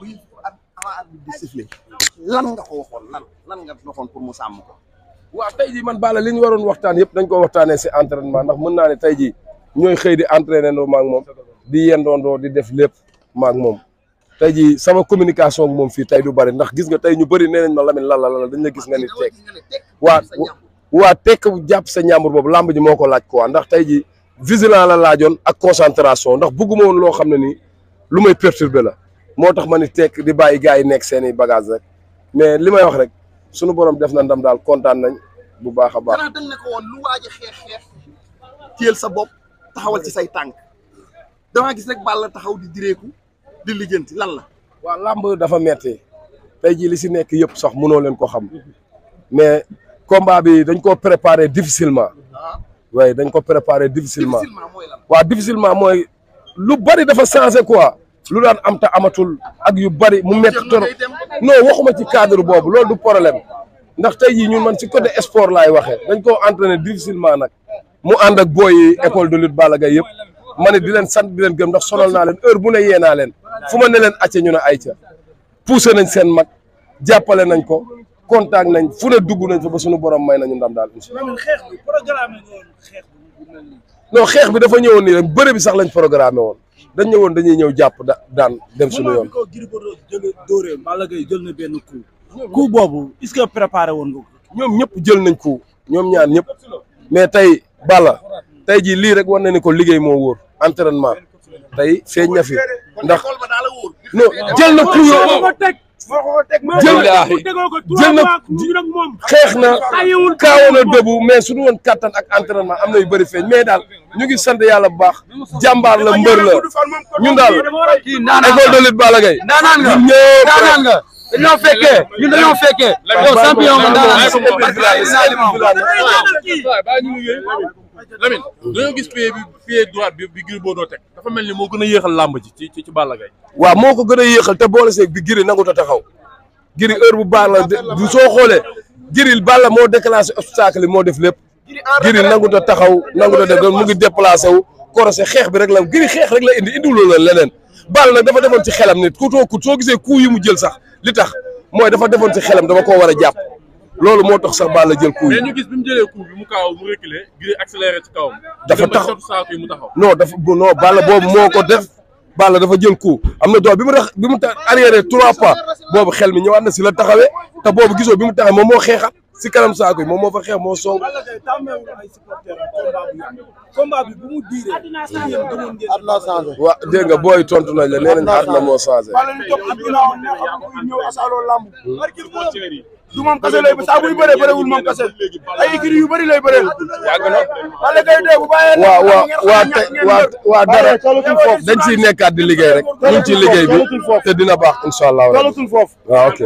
bu avant arbitre di lan nga ko waxoon lan lan nga doxoon mu sàmm ko. waaw man Balla li ñu waroon waxtaan yëpp dañ ko waxtaanee si entraînement ndax mën naa ne tey jii ñooy xëy di entraîné ndoo maag moom di yendoondoo di def lépp maag moom tey jii sama communication ak moom fii tey du bari ndax gis nga tey ñu bëri nee nañ ma Lamine lan la lan dañ la gis nga ni tekk waa waa tekk jàpp sa ñàmbur boobu làmb ji moo ko laaj ko waa ndax tey jii vigilant la laajoon ak concentration ndax bugguma woon loo xam ne nii lu may perturbé la moo tax ma ni tekk di bàyyi gars yi nekk seen i bagage rek mais li may wax rek sunu borom def na ndam daal kontaan nañ bu baax a baax. xanaa a xeex xeex sa bopp taxawal ci say tànk damaa gis rek Balla taxaw di direeku di lijjanti lan la. làmb dafa metti tey jii li si nekk yëpp sax munoo leen ko xam mais combat bi dañ ko préparer difficilement waaye ah. dañ ko préparer difficilement waaw difficilement mooy lu bari dafa changé quoi lu daan am te amatul ak yu bari mu métti trop non waxuma ci cadre boobu loolu du problème ndax te jii ñun man si côté sport laay waxee dañ koo entraîné difficilement nag mu ànd ak booy yi école de lutte bala gay yëpp ma ne di leen sant di leen gëm ndax sonal naa leen heure bu ne yee naa leen fu ma ne leen acce ñu ne ayca poussé nañ seen mag jàppale nañ ko contact nañ fu ne dugg nañ fa ba suñu borom may nañu ndam daal incha allah non xeex bi dafa ñëwoon nii rek bëre bi sax lañ programmé woon. dañ ñëwoon dañuy ñëw jàpp daan dem suñu yoon. ko Gris Bordeaux jël jël benn boobu est-ce que préparé woon nga ñoom ñëpp jël nañ coup ñoom ñaar ñëpp mais tey bala tey jii lii rek war na ni ko liggéey moo wóor entraînement tey feeñ fi ndax non jël na coup yoo jël laaxi jël na xeex na kaawoon na dëbu mais suñu woon kattan ak entraînement am na yu bëri feeñ mais daal ñu ngi sant yàlla bu baax jàmbaar la mbër la ñun daal école de lutte Balla Gaye naanaan nga naanaan nga dañoo fekkee ñun dañoo fekkee yow Lamine dañoo gis pied bi pied droit bi bi Gris Bordeaux teg dafa mel ni moo gën a yéexal làmb ji ci ci ci Balla Gaye waaw moo ko gën a yéexal te boole seeg bi Gris nangu ta taxaw Gris heure bu baax la du soo xoolee Gris Balla moo déclenché obstacle yi moo def lépp Gris nangu ta taxaw nangu ta def mu ngi déplacé wu korosé xeex bi rek la Gris xeex rek la indi indiwuloo la leneen Balla nag dafa defoon ci xelam nit ku too soo gisee ku yi mu jël sax li tax mooy dafa defoon si xelam dama koo war a jàpp loolu moo tax sax Balla jël coup ñu gis bi mu jëlee bi mu kaaw mu reculer Gris accéléré ci kawam. dafa taxaw mu taxaw. non dafa boobu moo ko def Balla dafa jël coup am na doole bi mu tax bi mu tax arrière trois pas boobu xel mi ñëwaat na si la taxawee te boobu gisoo bi mu taxawee moom moo xeexat si kanam saako yi moom moo fa xeex moo song. combat bi nga booy tontu nañ la nee nañ àdduna moo changé. du moom kase lay saa buy bëree bëreewul moom kase ay kiri yu bëri la bëreel. yàgg na Balla Gaye de bu bàyyee. waaw waa te waa waa dañ ciy nekkaat di liggéey rek ñu ngi ci liggéey bi te dina baax incha allah. ok.